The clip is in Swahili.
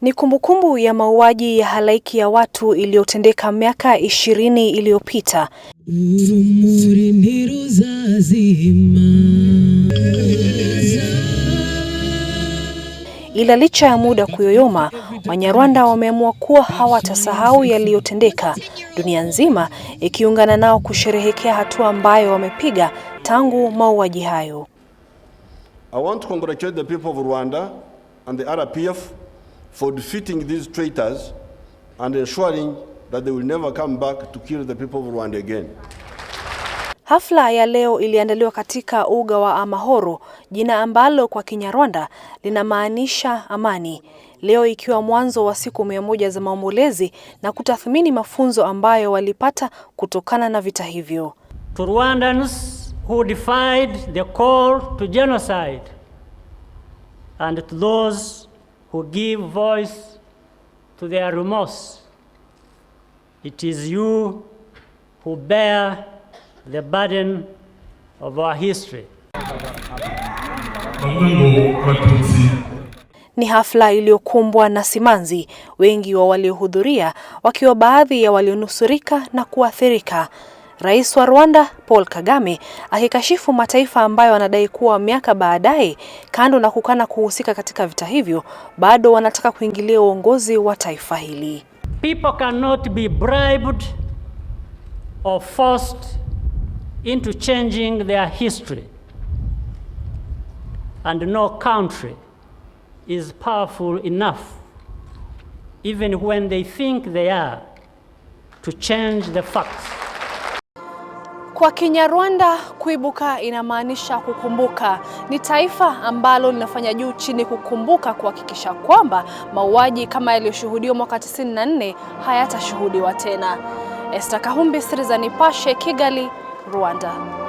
Ni kumbukumbu ya mauaji ya halaiki ya watu iliyotendeka miaka ishirini iliyopita. Ila licha ya muda kuyoyoma, Wanyarwanda wameamua kuwa hawatasahau yaliyotendeka, dunia nzima ikiungana nao kusherehekea hatua ambayo wamepiga tangu mauaji hayo. I want to congratulate the people of Rwanda and the RPF for defeating these traitors and ensuring that they will never come back to kill the people of Rwanda again. Hafla ya leo iliandaliwa katika uga wa Amahoro, jina ambalo kwa Kinyarwanda linamaanisha amani. Leo ikiwa mwanzo wa siku mia moja za maombolezi na kutathmini mafunzo ambayo walipata kutokana na vita hivyo. Turwanda who defied the call to genocide, and to those who give voice to their remorse. It is you who bear the burden of our history. Ni hafla iliyokumbwa na simanzi, wengi wa waliohudhuria wakiwa baadhi ya walionusurika na kuathirika. Rais wa Rwanda Paul Kagame akikashifu mataifa ambayo wanadai kuwa miaka baadaye, kando na kukana kuhusika katika vita hivyo, bado wanataka kuingilia uongozi wa taifa hili. People cannot be bribed or forced into changing their history. And no country is powerful enough even when they think they are to change the facts. Kwa Kinyarwanda kuibuka inamaanisha kukumbuka. Ni taifa ambalo linafanya juu chini kukumbuka kuhakikisha kwamba mauaji kama yaliyoshuhudiwa mwaka 94 hayatashuhudiwa tena. Esther Kahumbi, Siri za Nipashe, Kigali, Rwanda.